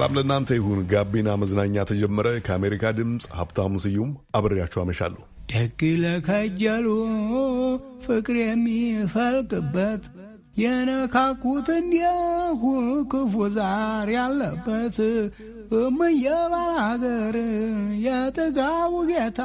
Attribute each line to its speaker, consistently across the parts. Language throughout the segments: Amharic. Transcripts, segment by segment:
Speaker 1: ሰላም ለእናንተ ይሁን። ጋቢና መዝናኛ ተጀመረ። ከአሜሪካ ድምፅ ሀብታሙ ስዩም አብሬያችሁ አመሻለሁ።
Speaker 2: ደግ ለከጀሉ ፍቅር የሚፈልቅበት የነካኩት እንዲሁ ክፉ ዛር ያለበት እምየባል ባላገር የጥጋቡ ጌታ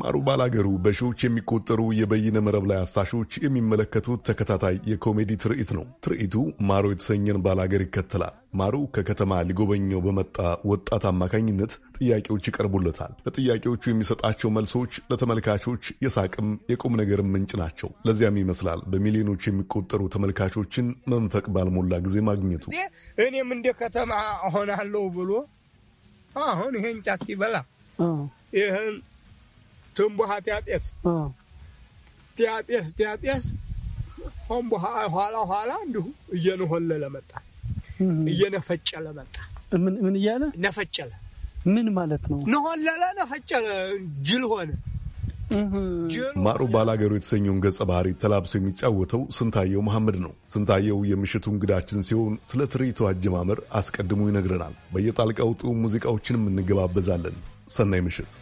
Speaker 1: ማሩ ባላገሩ በሺዎች የሚቆጠሩ የበይነ መረብ ላይ አሳሾች የሚመለከቱት ተከታታይ የኮሜዲ ትርኢት ነው። ትርኢቱ ማሩ የተሰኘን ባላገር ይከተላል። ማሩ ከከተማ ሊጎበኘው በመጣ ወጣት አማካኝነት ጥያቄዎች ይቀርቡለታል። ለጥያቄዎቹ የሚሰጣቸው መልሶች ለተመልካቾች የሳቅም የቁም ነገርም ምንጭ ናቸው። ለዚያም ይመስላል በሚሊዮኖች የሚቆጠሩ ተመልካቾችን መንፈቅ ባልሞላ ጊዜ ማግኘቱ።
Speaker 2: እኔም እንደ ከተማ ሆናለሁ ብሎ አሁን ይሄን ጫት ይበላ ይህን ትንቦሃ ጢያጤስ ጢያጤስ ጢያጤስ ሆን ኋላ ኋላ እንዲሁ እየነሆለለ መጣ፣ እየነፈጨለ መጣ። ምን እያለ ነፈጨለ?
Speaker 1: ምን ማለት ነው?
Speaker 2: ነሆለለ፣ ነፈጨለ፣ ጅል ሆነ።
Speaker 1: ማሩ ባላገሩ የተሰኘውን ገጸ ባህሪ ተላብሶ የሚጫወተው ስንታየው መሐመድ ነው። ስንታየው የምሽቱ እንግዳችን ሲሆን ስለ ትርኢቱ አጀማመር አስቀድሞ ይነግረናል። ውጡ ሙዚቃዎችንም እንገባበዛለን። ሰናይ ምሽት።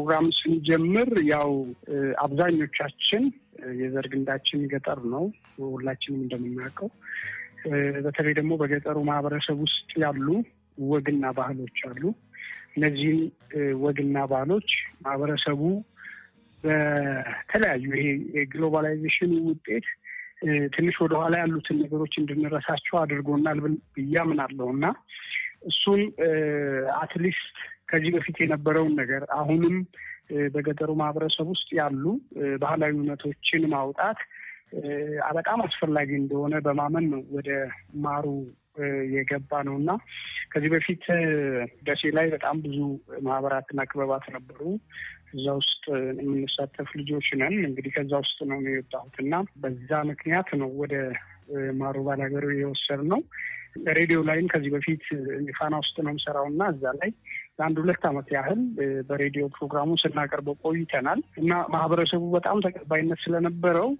Speaker 3: ፕሮግራም ስንጀምር ያው አብዛኞቻችን የዘር ግንዳችን ገጠር ነው፣ ሁላችንም እንደምናውቀው። በተለይ ደግሞ በገጠሩ ማህበረሰብ ውስጥ ያሉ ወግና ባህሎች አሉ። እነዚህም ወግና ባህሎች ማህበረሰቡ በተለያዩ ይሄ የግሎባላይዜሽን ውጤት ትንሽ ወደኋላ ያሉትን ነገሮች እንድንረሳቸው አድርጎናል ብዬ እና እሱን አትሊስት ከዚህ በፊት የነበረውን ነገር አሁንም በገጠሩ ማህበረሰብ ውስጥ ያሉ ባህላዊ እውነቶችን ማውጣት በጣም አስፈላጊ እንደሆነ በማመን ነው ወደ ማሩ የገባ ነው እና ከዚህ በፊት ደሴ ላይ በጣም ብዙ ማህበራትና ክበባት ነበሩ። እዛ ውስጥ የምንሳተፍ ልጆች ነን። እንግዲህ ከዛ ውስጥ ነው የወጣሁት እና በዛ ምክንያት ነው ወደ ማሩ ባላገሩ የወሰድ ነው። ሬዲዮ ላይም ከዚህ በፊት ፋና ውስጥ ነው የምሰራው እና እዛ ላይ ለአንድ ሁለት ዓመት ያህል በሬዲዮ ፕሮግራሙ ስናቀርበው ቆይተናል እና ማህበረሰቡ በጣም ተቀባይነት ስለነበረው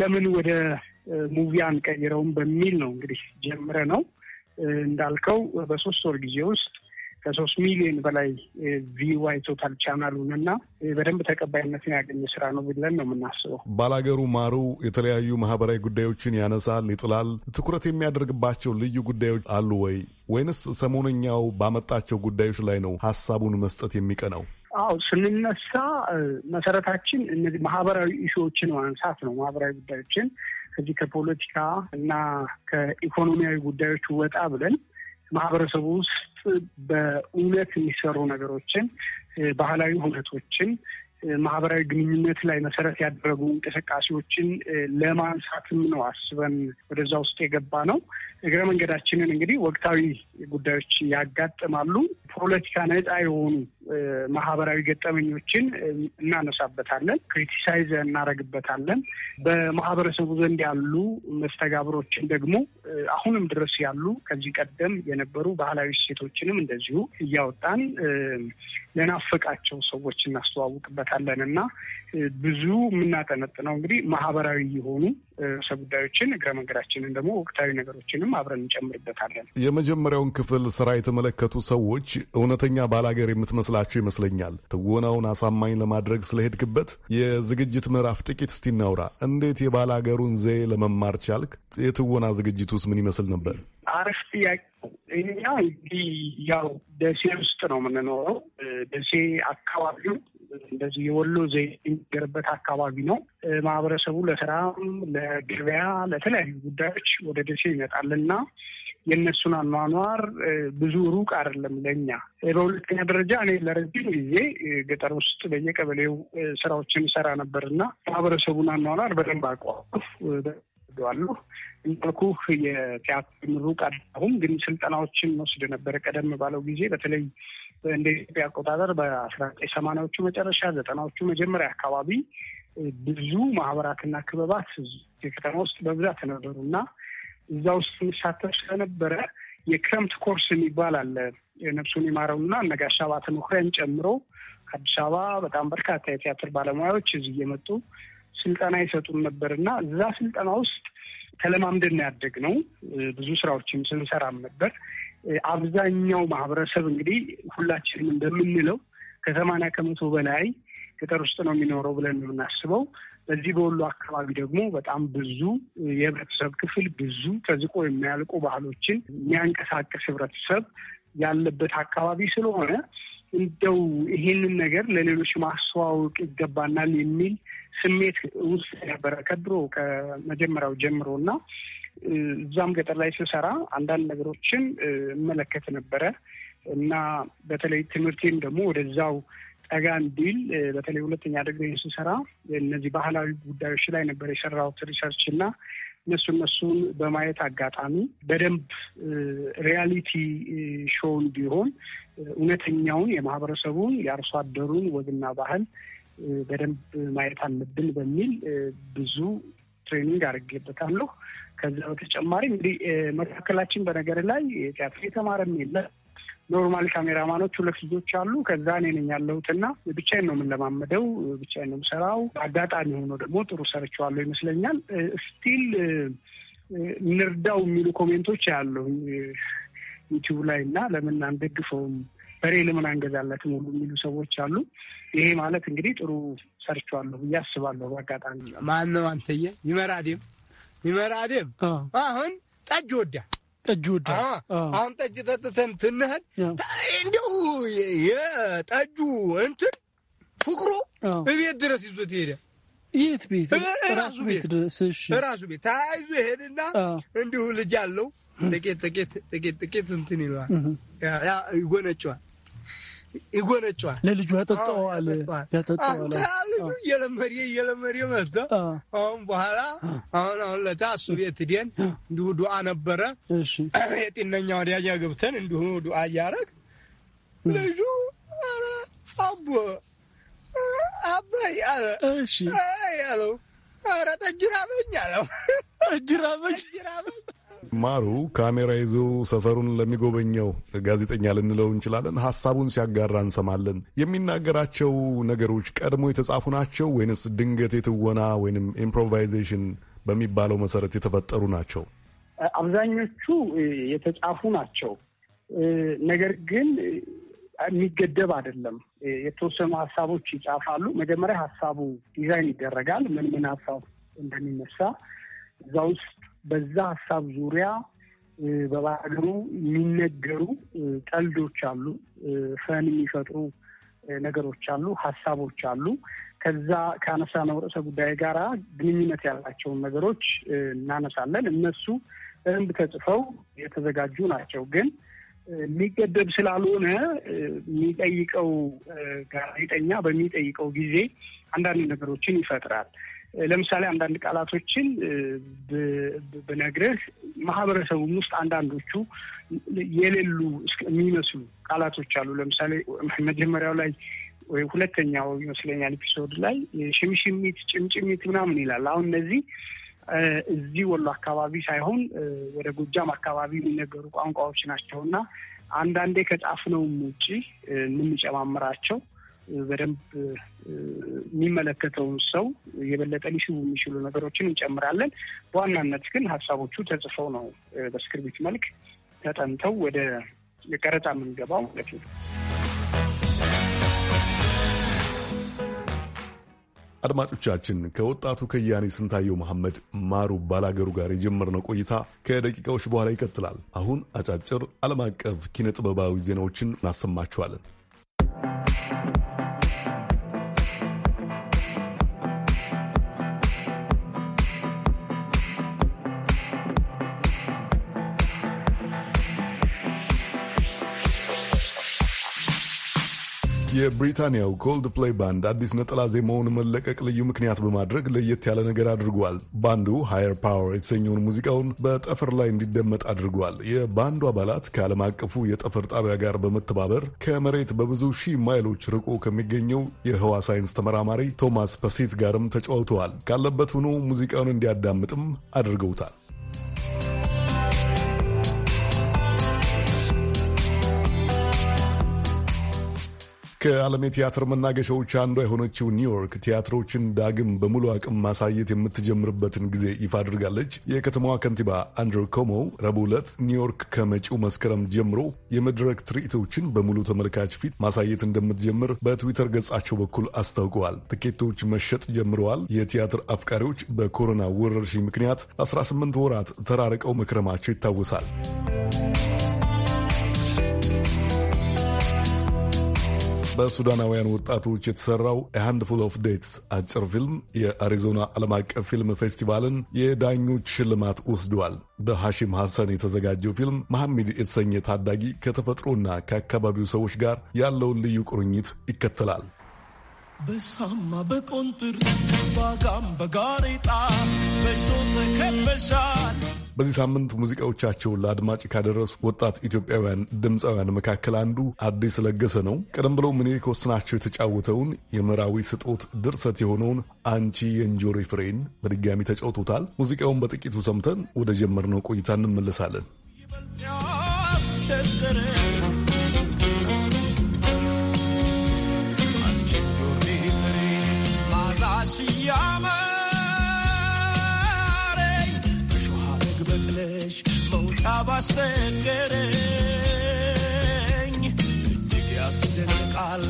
Speaker 3: ለምን ወደ ሙቪ አንቀይረውም በሚል ነው እንግዲህ ጀምረ ነው እንዳልከው በሶስት ወር ጊዜ ውስጥ ከሶስት ሚሊዮን በላይ ቪዋይ ቶታል ቻናሉን እና በደንብ ተቀባይነትን ያገኘ ስራ ነው ብለን ነው የምናስበው።
Speaker 1: ባላገሩ ማሩ የተለያዩ ማህበራዊ ጉዳዮችን ያነሳል፣ ይጥላል። ትኩረት የሚያደርግባቸው ልዩ ጉዳዮች አሉ ወይ ወይንስ ሰሞነኛው ባመጣቸው ጉዳዮች ላይ ነው ሀሳቡን መስጠት የሚቀነው?
Speaker 3: አዎ ስንነሳ መሰረታችን እነዚህ ማህበራዊ ኢሹዎችን ማንሳት ነው። ማህበራዊ ጉዳዮችን ከዚህ ከፖለቲካ እና ከኢኮኖሚያዊ ጉዳዮች ወጣ ብለን ማህበረሰቡ ውስጥ በእውነት የሚሰሩ ነገሮችን ባህላዊ ሁነቶችን ማህበራዊ ግንኙነት ላይ መሰረት ያደረጉ እንቅስቃሴዎችን ለማንሳትም ነው አስበን ወደዛ ውስጥ የገባ ነው። እግረ መንገዳችንን እንግዲህ ወቅታዊ ጉዳዮች ያጋጥማሉ። ፖለቲካ ነፃ የሆኑ ማህበራዊ ገጠመኞችን እናነሳበታለን፣ ክሪቲሳይዝ እናደርግበታለን። በማህበረሰቡ ዘንድ ያሉ መስተጋብሮችን ደግሞ አሁንም ድረስ ያሉ ከዚህ ቀደም የነበሩ ባህላዊ እሴቶችንም እንደዚሁ እያወጣን ለናፈቃቸው ሰዎች እናስተዋውቅበታል። እናውቃለን እና ብዙ የምናጠነጥነው እንግዲህ ማህበራዊ የሆኑ ርዕሰ ጉዳዮችን እግረ መንገዳችንን ደግሞ ወቅታዊ ነገሮችንም አብረን እንጨምርበታለን።
Speaker 1: የመጀመሪያውን ክፍል ስራ የተመለከቱ ሰዎች እውነተኛ ባላገር የምትመስላችሁ ይመስለኛል። ትወናውን አሳማኝ ለማድረግ ስለሄድክበት የዝግጅት ምዕራፍ ጥቂት እስቲ እናውራ። እንዴት የባላገሩን ዘዬ ለመማር ቻልክ? የትወና ዝግጅት ውስጥ ምን ይመስል ነበር?
Speaker 3: አረፍ ጥያቄ። እኛ እንግዲህ ያው ደሴ ውስጥ ነው የምንኖረው። ደሴ አካባቢው እንደዚህ የወሎ ዘይት የሚገርበት አካባቢ ነው። ማህበረሰቡ ለስራም፣ ለገበያ፣ ለተለያዩ ጉዳዮች ወደ ደሴ ይመጣል ይመጣልና የእነሱን አኗኗር ብዙ ሩቅ አይደለም ለእኛ። በሁለተኛ ደረጃ እኔ ለረጅም ጊዜ ገጠር ውስጥ በየቀበሌው ስራዎችን ይሰራ ነበር እና ማህበረሰቡን አኗኗር በደንብ አቋፍ ወስደዋለሁ እንዳልኩ የቲያትር ምሩቅ አሁን ግን ስልጠናዎችን ወስድ ነበረ። ቀደም ባለው ጊዜ በተለይ እንደ ኢትዮጵያ አቆጣጠር በአስራ ዘጠኝ ሰማንያዎቹ መጨረሻ ዘጠናዎቹ መጀመሪያ አካባቢ ብዙ ማህበራትና ክበባት የከተማ ውስጥ በብዛት ነበሩ እና እዛ ውስጥ የሚሳተፍ ስለነበረ የክረምት ኮርስ የሚባል አለ። ነፍሱን ይማረውና ነጋሽ አባተ መኩሪያን ጨምሮ ከአዲስ አበባ በጣም በርካታ የቲያትር ባለሙያዎች እዚህ እየመጡ ስልጠና ይሰጡን ነበር እና እዛ ስልጠና ውስጥ ተለማምደን ያደግ ነው። ብዙ ስራዎችም ስንሰራም ነበር። አብዛኛው ማህበረሰብ እንግዲህ ሁላችንም እንደምንለው ከሰማንያ ከመቶ በላይ ገጠር ውስጥ ነው የሚኖረው ብለን የምናስበው። በዚህ በወሎ አካባቢ ደግሞ በጣም ብዙ የህብረተሰብ ክፍል ብዙ ተዝቆ የሚያልቁ ባህሎችን የሚያንቀሳቅስ ህብረተሰብ ያለበት አካባቢ ስለሆነ እንደው ይሄንን ነገር ለሌሎች ማስተዋወቅ ይገባናል የሚል ስሜት ውስጥ ነበረ ከድሮ ከመጀመሪያው ጀምሮ እና እዛም ገጠር ላይ ስሰራ አንዳንድ ነገሮችን እመለከት ነበረ እና በተለይ ትምህርቴም ደግሞ ወደዛው ጠጋ እንዲል በተለይ ሁለተኛ ደግሞ ስሰራ እነዚህ ባህላዊ ጉዳዮች ላይ ነበር የሰራሁት ሪሰርች እና እነሱ እነሱን በማየት አጋጣሚ በደንብ ሪያሊቲ ሾውን ቢሆን እውነተኛውን የማህበረሰቡን የአርሶ አደሩን ወግና ባህል በደንብ ማየት አለብን በሚል ብዙ ትሬኒንግ አድርጌበታለሁ። ከዛ በተጨማሪ እንግዲህ መካከላችን በነገር ላይ ቲያትር የተማረም የለ ኖርማል ካሜራማኖች ሁለት ልጆች አሉ። ከዛ እኔ ነኝ ያለሁትና ብቻዬን ነው የምንለማመደው፣ ብቻዬን ነው የምሰራው። አጋጣሚ ሆኖ ደግሞ ጥሩ ሰርቼዋለሁ ይመስለኛል። ስቲል እንርዳው የሚሉ ኮሜንቶች ያለሁ ዩቲዩብ ላይ እና ለምን አንደግፈውም በሬ ለምን አንገዛለትም ሁሉ የሚሉ ሰዎች አሉ። ይሄ ማለት እንግዲህ ጥሩ ሰርቼዋለሁ ብዬ
Speaker 2: አስባለሁ። አጋጣሚ ማን ነው አንተዬ ይመራዴም ይመራ አደም አሁን ጠጅ ወዳል ጠጅ ወዳል። አሁን ጠጅ ጠጥተን ትንህል እንዲሁ የጠጁ እንትን ፍቅሩ እቤት ድረስ ይዞት ሄደ። የት ቤት? ራሱ ቤት ድረስ ራሱ ቤት ታይዞ ይሄድና እንዲሁ ልጅ አለው ጥቂት ጥቂት ጥቂት ጥቂት እንትን ይለዋል፣ ይጎነጨዋል ይጎነጫዋል።
Speaker 4: ለልጁ ያጠጠዋል ያጠጣዋል። ልጁ
Speaker 2: እየለመደ እየለመደ መጥቶ አሁን በኋላ አሁን አሁን ለታ እሱ ቤት ሄደን እንዲሁ ዱዓ ነበረ የጤነኛ ወዲያጃ ገብተን እንዲሁ ዱዓ እያረግ ልጁ አቦ አባይ አለ ያለው ኧረ ጠጅ ራበኝ አለው ጠጅ ራበኝ
Speaker 1: ማሩ ካሜራ ይዞ ሰፈሩን ለሚጎበኘው ጋዜጠኛ ልንለው እንችላለን። ሀሳቡን ሲያጋራ እንሰማለን። የሚናገራቸው ነገሮች ቀድሞ የተጻፉ ናቸው ወይንስ ድንገት የትወና ወይንም ኢምፕሮቫይዜሽን በሚባለው መሰረት የተፈጠሩ ናቸው?
Speaker 3: አብዛኞቹ የተጻፉ ናቸው። ነገር ግን የሚገደብ አይደለም። የተወሰኑ ሀሳቦች ይጻፋሉ። መጀመሪያ ሀሳቡ ዲዛይን ይደረጋል። ምን ምን ሀሳብ እንደሚነሳ እዛ ውስጥ በዛ ሀሳብ ዙሪያ በባህገሩ የሚነገሩ ቀልዶች አሉ፣ ፈን የሚፈጥሩ ነገሮች አሉ፣ ሀሳቦች አሉ። ከዛ ካነሳነው ርዕሰ ጉዳይ ጋር ግንኙነት ያላቸውን ነገሮች እናነሳለን። እነሱ በደንብ ተጽፈው የተዘጋጁ ናቸው። ግን ሊገደብ ስላልሆነ የሚጠይቀው ጋዜጠኛ በሚጠይቀው ጊዜ አንዳንድ ነገሮችን ይፈጥራል። ለምሳሌ አንዳንድ ቃላቶችን ብነግርህ ማህበረሰቡም ውስጥ አንዳንዶቹ የሌሉ የሚመስሉ ቃላቶች አሉ። ለምሳሌ መጀመሪያው ላይ ወይ ሁለተኛው ይመስለኛል ኤፒሶድ ላይ ሽምሽሚት፣ ጭምጭሚት ምናምን ይላል። አሁን እነዚህ እዚህ ወሎ አካባቢ ሳይሆን ወደ ጎጃም አካባቢ የሚነገሩ ቋንቋዎች ናቸው እና አንዳንዴ ከጻፍነውም ውጪ የምንጨማምራቸው በደንብ የሚመለከተውን ሰው የበለጠ ሊስቡ የሚችሉ ነገሮችን እንጨምራለን። በዋናነት ግን ሀሳቦቹ ተጽፈው ነው በስክሪፕት መልክ ተጠንተው ወደ ቀረጻ የምንገባው ማለት ነው።
Speaker 1: አድማጮቻችን ከወጣቱ ከያኔ ስንታየው መሐመድ ማሩ ባላገሩ ጋር የጀመርነው ቆይታ ከደቂቃዎች በኋላ ይቀጥላል። አሁን አጫጭር ዓለም አቀፍ ኪነ ጥበባዊ ዜናዎችን እናሰማችኋለን። የብሪታንያው ኮልድ ፕሌይ ባንድ አዲስ ነጠላ ዜማውን መለቀቅ ልዩ ምክንያት በማድረግ ለየት ያለ ነገር አድርጓል። ባንዱ ሃየር ፓወር የተሰኘውን ሙዚቃውን በጠፈር ላይ እንዲደመጥ አድርጓል። የባንዱ አባላት ከዓለም አቀፉ የጠፈር ጣቢያ ጋር በመተባበር ከመሬት በብዙ ሺህ ማይሎች ርቆ ከሚገኘው የህዋ ሳይንስ ተመራማሪ ቶማስ ፐሴት ጋርም ተጫውተዋል። ካለበት ሆኖ ሙዚቃውን እንዲያዳምጥም አድርገውታል። ከዓለም የቲያትር መናገሻዎች አንዷ የሆነችው ኒውዮርክ ቲያትሮችን ዳግም በሙሉ አቅም ማሳየት የምትጀምርበትን ጊዜ ይፋ አድርጋለች። የከተማዋ ከንቲባ አንድሩ ኮሞ ረቡዕ ዕለት ኒውዮርክ ከመጪው መስከረም ጀምሮ የመድረክ ትርኢቶችን በሙሉ ተመልካች ፊት ማሳየት እንደምትጀምር በትዊተር ገጻቸው በኩል አስታውቀዋል። ትኬቶች መሸጥ ጀምረዋል። የቲያትር አፍቃሪዎች በኮሮና ወረርሽኝ ምክንያት 18 ወራት ተራርቀው መክረማቸው ይታወሳል። በሱዳናውያን ወጣቶች የተሰራው ሃንድፉል ኦፍ ዴትስ አጭር ፊልም የአሪዞና ዓለም አቀፍ ፊልም ፌስቲቫልን የዳኞች ሽልማት ወስደዋል። በሐሺም ሐሰን የተዘጋጀው ፊልም መሐሚድ የተሰኘ ታዳጊ ከተፈጥሮና ከአካባቢው ሰዎች ጋር ያለውን ልዩ ቁርኝት ይከተላል።
Speaker 4: በሳማ በቆንጥር በጋም በጋሬጣ በሾ ተከበሻል።
Speaker 1: በዚህ ሳምንት ሙዚቃዎቻቸውን ለአድማጭ ካደረሱ ወጣት ኢትዮጵያውያን ድምፃውያን መካከል አንዱ አዲስ ለገሰ ነው። ቀደም ብለው ምን ከወስናቸው የተጫወተውን የምዕራዊ ስጦት ድርሰት የሆነውን አንቺ የእንጆሪ ፍሬን በድጋሚ ተጫውቶታል። ሙዚቃውን በጥቂቱ ሰምተን ወደ ጀመርነው ቆይታ እንመለሳለን።
Speaker 4: ሲያመረኝ እሾሃ መግበቅለሽ መውጫ ባሰገረኝ እጅግ ያስደንቃል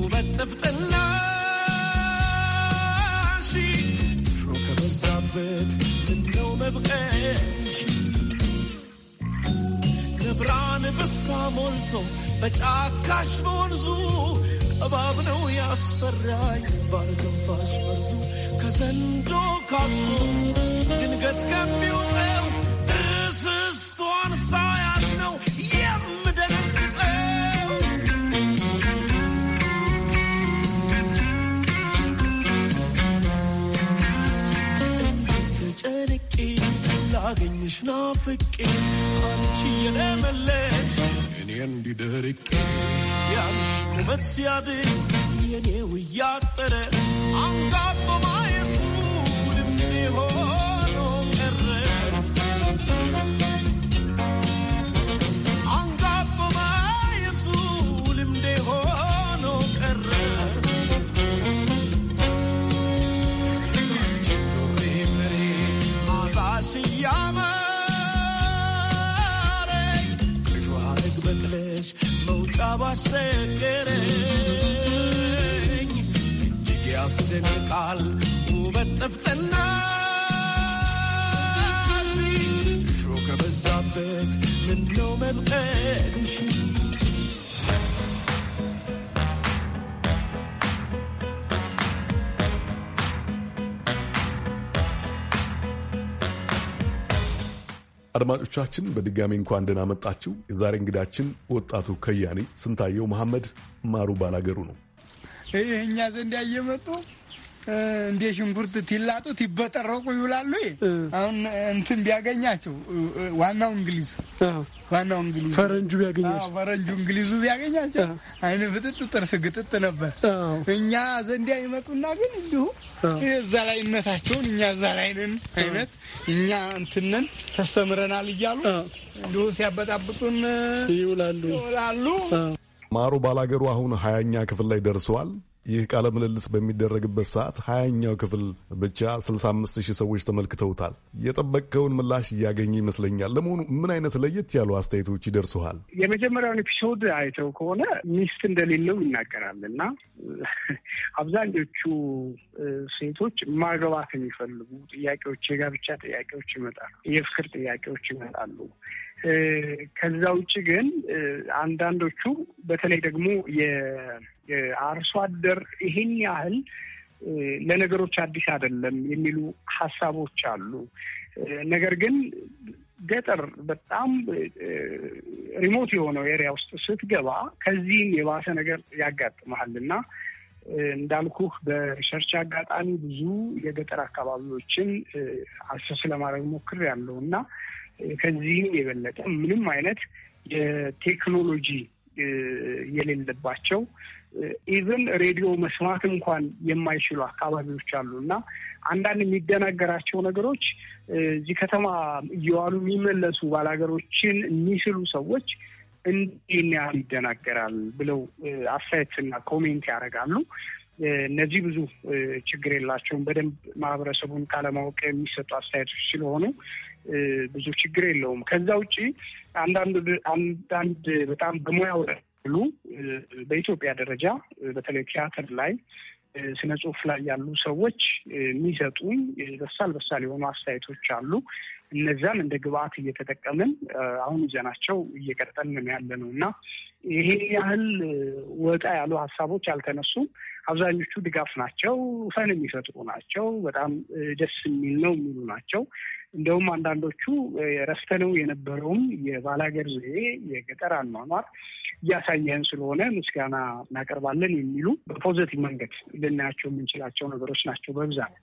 Speaker 4: ውበት ጥፍጥናሽ እሾ ከበዛበት ምነው መብቀሽ ንብራን ብሳ ሞልቶ በጫካሽ በወንዙ እባብ ነው ያስፈራኝ ባለትንፋሽ መርዙ ከዘንዶ ካፉ ድንገት ከሚውጠው እንስስቷን ሳያት ነው የምደነግጠው። እንዴት ተጨንቄ ላገኝሽ ናፍቄ አንቺ የለመለች እንዲደርቅ ያንቺ ቁመት ሲያድግ የኔ እያጠረ አንጋጦማ አባሰ ገረኝ እጅግ ያስደንቃል ውበት ጥፍጥና ሾ ከበዛበት ምነው መብቀልሽ
Speaker 1: አድማጮቻችን በድጋሚ እንኳን ደህና መጣችሁ። የዛሬ እንግዳችን ወጣቱ ከያኔ ስንታየው መሐመድ ማሩ ባላገሩ ነው።
Speaker 2: ይሄ እኛ ዘንድ ያየመጡ እንደ ሽንኩርት ቲላጡት ይበጠረቁ ይውላሉ። አሁን እንትን ቢያገኛቸው ዋናው እንግሊዝ ዋናው እንግሊዝ ፈረንጁ ቢያገኛቸው ፈረንጁ እንግሊዙ ቢያገኛቸው አይን ፍጥጥ ጥርስ ግጥጥ ነበር። እኛ ዘንዲያ ይመጡና ግን እንዲሁ እዛ ላይነታቸውን እኛ እዛ ላይንን አይነት እኛ እንትንን ተስተምረናል እያሉ እንዲሁ ሲያበጣብጡን ይውላሉ ይውላሉ።
Speaker 1: ማሮ ባላገሩ አሁን ሀያኛ ክፍል ላይ ደርሰዋል። ይህ ቃለ ምልልስ በሚደረግበት ሰዓት ሀያኛው ክፍል ብቻ 65 ሺህ ሰዎች ተመልክተውታል። የጠበቀውን ምላሽ እያገኘ ይመስለኛል። ለመሆኑ ምን አይነት ለየት ያሉ አስተያየቶች ይደርሱሃል?
Speaker 3: የመጀመሪያውን ኤፒሶድ አይተው ከሆነ ሚስት እንደሌለው ይናገራል እና አብዛኞቹ ሴቶች ማግባት የሚፈልጉ ጥያቄዎች፣ የጋብቻ ጥያቄዎች ይመጣሉ፣ የፍቅር ጥያቄዎች ይመጣሉ። ከዛ ውጭ ግን አንዳንዶቹ በተለይ ደግሞ የአርሶ አደር ይሄን ያህል ለነገሮች አዲስ አይደለም የሚሉ ሀሳቦች አሉ። ነገር ግን ገጠር በጣም ሪሞት የሆነው ኤሪያ ውስጥ ስትገባ ከዚህም የባሰ ነገር ያጋጥመሃል እና እንዳልኩህ በሪሰርች አጋጣሚ ብዙ የገጠር አካባቢዎችን አሰስ ለማድረግ ያለው እና ከዚህም የበለጠ ምንም አይነት የቴክኖሎጂ የሌለባቸው ኢቨን ሬዲዮ መስማት እንኳን የማይችሉ አካባቢዎች አሉ እና አንዳንድ የሚደናገራቸው ነገሮች እዚህ ከተማ እየዋሉ የሚመለሱ ባላገሮችን የሚስሉ ሰዎች እንዲህ ያህል ይደናገራል ብለው እና ኮሜንት ያደርጋሉ። እነዚህ ብዙ ችግር የላቸውም። በደንብ ማህበረሰቡን ካለማወቅ የሚሰጡ አስተያየቶች ስለሆኑ ብዙ ችግር የለውም። ከዛ ውጭ አንዳንድ አንዳንድ በጣም በሙያው ሉ በኢትዮጵያ ደረጃ በተለይ ቲያትር ላይ ስነ ጽሁፍ ላይ ያሉ ሰዎች የሚሰጡን በሳል በሳል የሆኑ አስተያየቶች አሉ። እነዛን እንደ ግብአት እየተጠቀምን አሁን ይዘናቸው እየቀጠልን ያለ ነው እና ይሄን ያህል ወጣ ያሉ ሀሳቦች አልተነሱም። አብዛኞቹ ድጋፍ ናቸው፣ ፈን የሚፈጥሩ ናቸው፣ በጣም ደስ የሚል ነው የሚሉ ናቸው። እንደውም አንዳንዶቹ ረስተነው የነበረውም የባላገር ዘዬ የገጠር አኗኗር እያሳየን ስለሆነ ምስጋና እናቀርባለን የሚሉ በፖዘቲቭ መንገድ ልናያቸው የምንችላቸው ነገሮች ናቸው በብዛት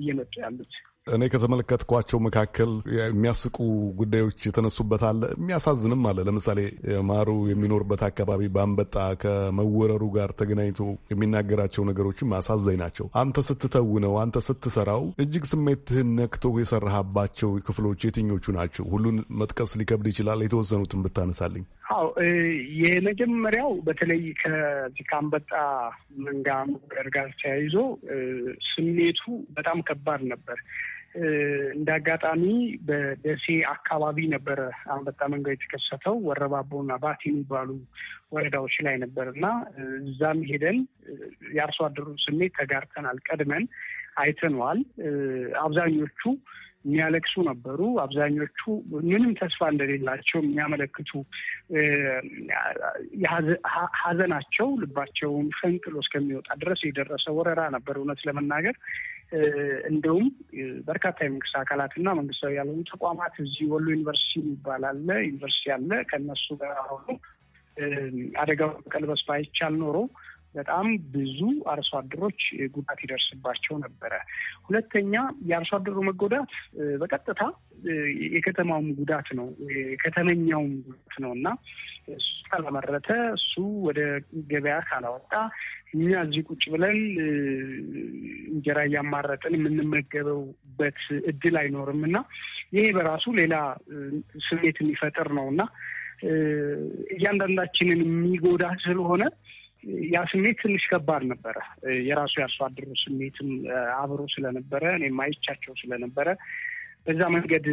Speaker 3: እየመጡ ያሉት።
Speaker 1: እኔ ከተመለከትኳቸው መካከል የሚያስቁ ጉዳዮች የተነሱበት አለ፣ የሚያሳዝንም አለ። ለምሳሌ ማሩ የሚኖርበት አካባቢ በአንበጣ ከመወረሩ ጋር ተገናኝቶ የሚናገራቸው ነገሮችም አሳዘኝ ናቸው። አንተ ስትተውነው፣ አንተ ስትሰራው እጅግ ስሜትህን ነክቶ የሰራሃባቸው ክፍሎች የትኞቹ ናቸው? ሁሉን መጥቀስ ሊከብድ ይችላል። የተወሰኑትን ብታነሳልኝ።
Speaker 3: አዎ፣ የመጀመሪያው በተለይ ከዚህ ከአንበጣ መንጋ መወረር ጋር ተያይዞ ስሜቱ በጣም ከባድ ነበር። እንደ አጋጣሚ በደሴ አካባቢ ነበረ አንበጣ መንጋ የተከሰተው። ወረባቦና ባቲ የሚባሉ ወረዳዎች ላይ ነበር እና እዛም ሄደን የአርሶ አደሩ ስሜት ተጋርተናል። ቀድመን አይተነዋል። አብዛኞቹ የሚያለቅሱ ነበሩ። አብዛኞቹ ምንም ተስፋ እንደሌላቸው የሚያመለክቱ ሀዘናቸው ልባቸውን ፈንቅሎ እስከሚወጣ ድረስ የደረሰ ወረራ ነበር እውነት ለመናገር እንደውም በርካታ የመንግስት አካላት እና መንግስታዊ ያልሆኑ ተቋማት እዚህ ወሎ ዩኒቨርሲቲ የሚባል አለ ዩኒቨርሲቲ አለ ከእነሱ ጋር ሆኖ አደጋው መቀልበስ ባይቻል ኖሮ በጣም ብዙ አርሶ አደሮች ጉዳት ይደርስባቸው ነበረ። ሁለተኛ የአርሶ አደሩ መጎዳት በቀጥታ የከተማውም ጉዳት ነው፣ የከተመኛውም ጉዳት ነው እና እሱ ካላመረተ፣ እሱ ወደ ገበያ ካላወጣ እኛ እዚህ ቁጭ ብለን እንጀራ እያማረጥን የምንመገበውበት እድል አይኖርም እና ይሄ በራሱ ሌላ ስሜት የሚፈጥር ነው እና እያንዳንዳችንን የሚጎዳ ስለሆነ ያ ስሜት ትንሽ ከባድ ነበረ። የራሱ የአርሶ አደሩ ስሜትም አብሮ ስለነበረ እኔም አይቻቸው ስለነበረ በዛ መንገድ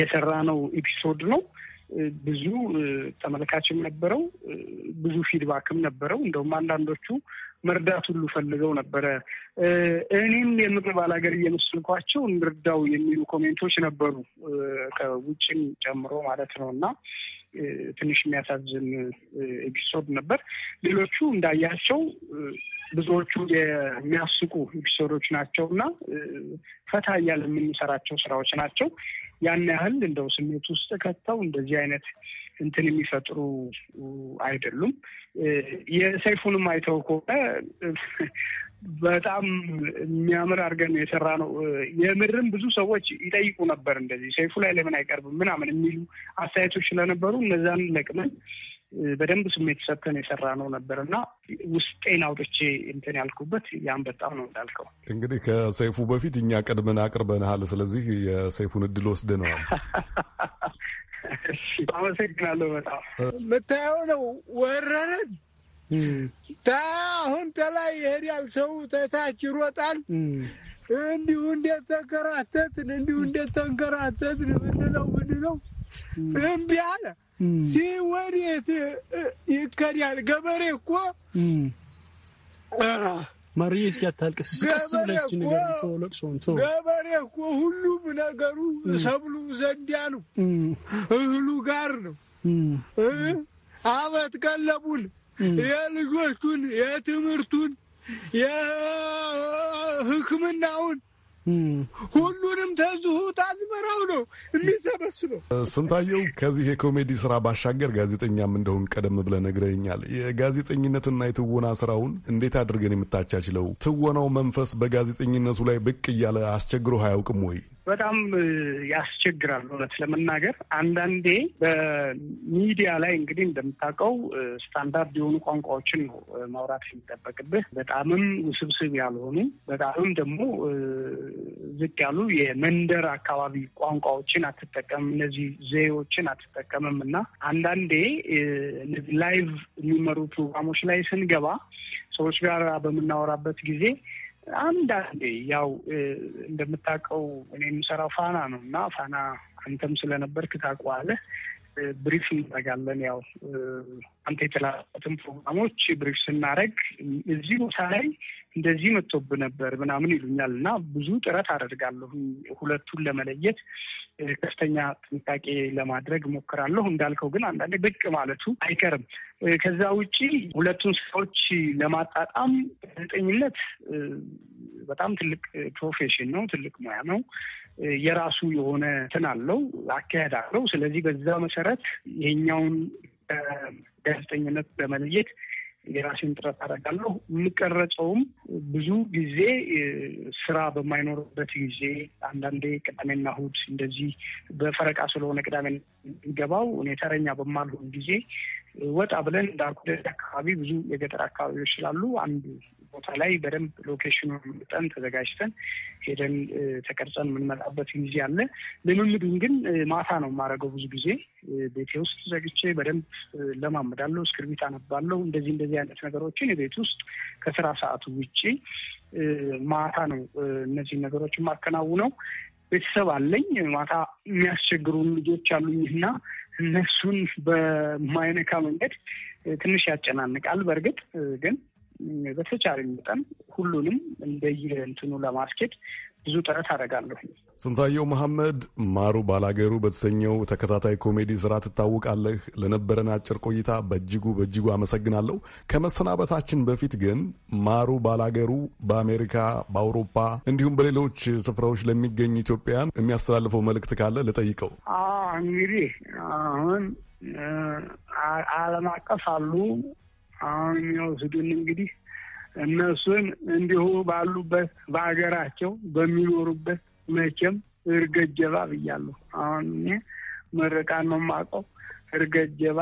Speaker 3: የሰራ ነው ኤፒሶድ ነው። ብዙ ተመልካችም ነበረው፣ ብዙ ፊድባክም ነበረው። እንደውም አንዳንዶቹ መርዳት ሁሉ ፈልገው ነበረ። እኔም የምግብ ባላገር እየመስልኳቸው እንርዳው የሚሉ ኮሜንቶች ነበሩ ከውጭም ጨምሮ ማለት ነው እና ትንሽ የሚያሳዝን ኤፒሶድ ነበር። ሌሎቹ እንዳያቸው ብዙዎቹ የሚያስቁ ኤፒሶዶች ናቸው እና ፈታ እያለ የምንሰራቸው ስራዎች ናቸው። ያን ያህል እንደው ስሜት ውስጥ ከተው እንደዚህ አይነት እንትን የሚፈጥሩ አይደሉም። የሰይፉንም አይተው ከሆነ በጣም የሚያምር አድርገን የሰራ ነው። የምርም ብዙ ሰዎች ይጠይቁ ነበር እንደዚህ ሰይፉ ላይ ለምን አይቀርብም ምናምን የሚሉ አስተያየቶች ስለነበሩ እነዛን ለቅመን በደንብ ስሜት ሰተን የሰራ ነው ነበር እና ውስጤን አውጥቼ እንትን ያልኩበት ያን በጣም ነው እንዳልከው።
Speaker 1: እንግዲህ ከሰይፉ በፊት እኛ ቀድመን አቅርበንሃል። ስለዚህ የሰይፉን እድል ወስደነዋል።
Speaker 2: አመሰግናለሁ። በጣም የምታየው ነው ወረረን ታ አሁን ተላይ ይሄዳል፣ ሰው ተታች ይሮጣል። እንዲሁ እንዴት ተንከራተትን፣ እንዲሁ እንዴት ተንከራተትን። ምንድነው ምንድነው እምቢ አለ ወዴት ይከዳል? ገበሬ እኮ
Speaker 4: ማርዬ፣ እስኪ አታልቅስ፣
Speaker 2: ቀስ ብለህ እስኪ ንገሪው።
Speaker 3: ተው ለቅሶውን ተው።
Speaker 2: ገበሬ እኮ ሁሉም ነገሩ ሰብሉ ዘንዲያ ነው፣ እህሉ ጋር ነው። አመት ቀለቡን የልጆቹን፣ የትምህርቱን፣ የሕክምናውን ሁሉንም ተዝሁት አዝመራው ነው የሚሰበስበው።
Speaker 1: ስንታየው ከዚህ የኮሜዲ ስራ ባሻገር ጋዜጠኛም እንደሆን ቀደም ብለህ ነግረኛል። የጋዜጠኝነትና የትወና ስራውን እንዴት አድርገን የምታቻችለው? ትወናው መንፈስ በጋዜጠኝነቱ ላይ ብቅ እያለ አስቸግሮ አያውቅም ወይ?
Speaker 3: በጣም ያስቸግራል። እውነት ለመናገር አንዳንዴ በሚዲያ ላይ እንግዲህ እንደምታውቀው ስታንዳርድ የሆኑ ቋንቋዎችን ነው ማውራት የሚጠበቅብህ። በጣምም ውስብስብ ያልሆኑ በጣምም ደግሞ ዝቅ ያሉ የመንደር አካባቢ ቋንቋዎችን አትጠቀምም፣ እነዚህ ዘዬዎችን አትጠቀምም እና አንዳንዴ ላይቭ የሚመሩ ፕሮግራሞች ላይ ስንገባ ሰዎች ጋር በምናወራበት ጊዜ አንዳንዴ ያው እንደምታውቀው እኔ የምሰራው ፋና ነው እና ፋና አንተም ስለነበርክ ታውቀዋለህ ብሪፍ እናደርጋለን። ያው አንተ የተላኩትን ፕሮግራሞች ብሪፍ ስናደርግ እዚህ ቦታ ላይ እንደዚህ መጥቶብ ነበር ምናምን ይሉኛል እና ብዙ ጥረት አደርጋለሁ። ሁለቱን ለመለየት ከፍተኛ ጥንቃቄ ለማድረግ ሞክራለሁ። እንዳልከው ግን አንዳንዴ ብቅ ማለቱ አይቀርም። ከዛ ውጪ ሁለቱን ስራዎች ለማጣጣም ጋዜጠኝነት በጣም ትልቅ ፕሮፌሽን ነው፣ ትልቅ ሙያ ነው። የራሱ የሆነ እንትን አለው አካሄድ አለው። ስለዚህ በዛ መሰረት ይሄኛውን ጋዜጠኝነት ለመለየት የራሴን ጥረት አደርጋለሁ። የምቀረጸውም ብዙ ጊዜ ስራ በማይኖርበት ጊዜ አንዳንዴ ቅዳሜና እሑድ እንደዚህ በፈረቃ ስለሆነ ቅዳሜ የሚገባው እኔ ተረኛ በማልሆን ጊዜ ወጣ ብለን እንዳልኩ አካባቢ ብዙ የገጠር አካባቢዎች ስላሉ አንዱ ቦታ ላይ በደንብ ሎኬሽኑ መጠን ተዘጋጅተን ሄደን ተቀርጸን የምንመጣበት ጊዜ አለ። ልምምዱን ግን ማታ ነው የማደርገው። ብዙ ጊዜ ቤቴ ውስጥ ዘግቼ በደንብ ለማመዳለው፣ እስክርቢት አነባለው። እንደዚህ እንደዚህ አይነት ነገሮችን የቤት ውስጥ ከስራ ሰዓቱ ውጭ ማታ ነው እነዚህ ነገሮች የማከናውነው። ቤተሰብ አለኝ። ማታ የሚያስቸግሩን ልጆች አሉኝና እነሱን በማይነካ መንገድ ትንሽ ያጨናንቃል። በእርግጥ ግን በተቻለ መጠን ሁሉንም እንደየ ለማስኬድ ብዙ ጥረት አደርጋለሁ።
Speaker 1: ስንታየው መሐመድ ማሩ ባላገሩ በተሰኘው ተከታታይ ኮሜዲ ስራ ትታወቃለህ። ለነበረን አጭር ቆይታ በእጅጉ በእጅጉ አመሰግናለሁ። ከመሰናበታችን በፊት ግን ማሩ ባላገሩ በአሜሪካ፣ በአውሮፓ እንዲሁም በሌሎች ስፍራዎች ለሚገኙ ኢትዮጵያን የሚያስተላልፈው መልእክት ካለ ልጠይቀው።
Speaker 3: እንግዲህ አሁን ዓለም አቀፍ አሉ አሁን የሚወስዱን እንግዲህ እነሱን እንዲሁ ባሉበት በሀገራቸው በሚኖሩበት መቼም እርገጀባ ብያለሁ። አሁን እኔ ምርቃን ነው የማውቀው። እርገጀባ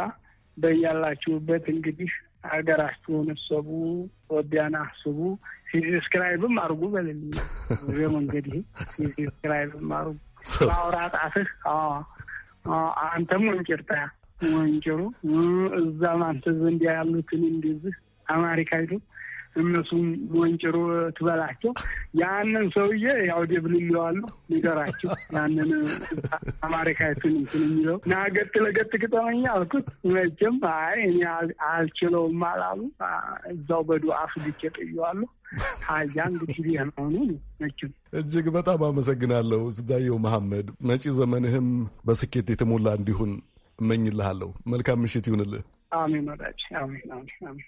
Speaker 3: በያላችሁበት እንግዲህ ሀገራችሁን እሰቡ፣ ወዲያን አስቡ፣ ሲዝስክራይብም አርጉ በልልኝ ዜሞ እንግዲህ ሲዝስክራይብም አርጉ በአውራ ጣትህ አንተም ወንጭርታያ ወንጀሮ እዛ ማንተ ዘንድ ያሉትን እንደዚህ አማሪካ ሂዶ እነሱም ወንጭሮ ትበላቸው። ያንን ሰውዬ ያው ደብል ይለዋሉ ሊገራቸው ያንን አማሪካዊቱን ትን የሚለው ና ገጥ ለገጥ ግጠመኝ አልኩት። መቼም አይ እኔ አልችለውም አላሉ። እዛው በዱዓ ፍድቼ ጥየዋለሁ። ሀያ እንግዲህ ነሆኑ
Speaker 1: መቼም እጅግ በጣም አመሰግናለሁ ስንታየሁ መሐመድ። መጪ ዘመንህም በስኬት የተሞላ እንዲሁን እመኝልሃለሁ። መልካም ምሽት ይሁንልህ።
Speaker 3: አሜን ወዳጅ። አሜን አሜን አሜን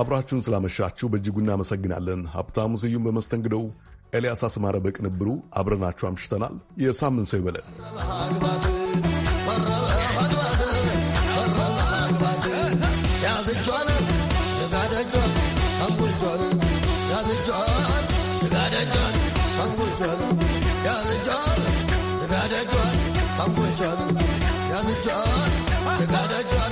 Speaker 1: አብራችሁን ስላመሻችሁ በእጅጉ እናመሰግናለን። ሀብታሙ ስዩም በመስተንግደው፣ ኤልያስ አስማረ በቅንብሩ አብረናችሁ አምሽተናል። የሳምንት ሰው ይበለን።
Speaker 5: ያዝቸዋል ያዝቸዋል ተጋዳቸዋል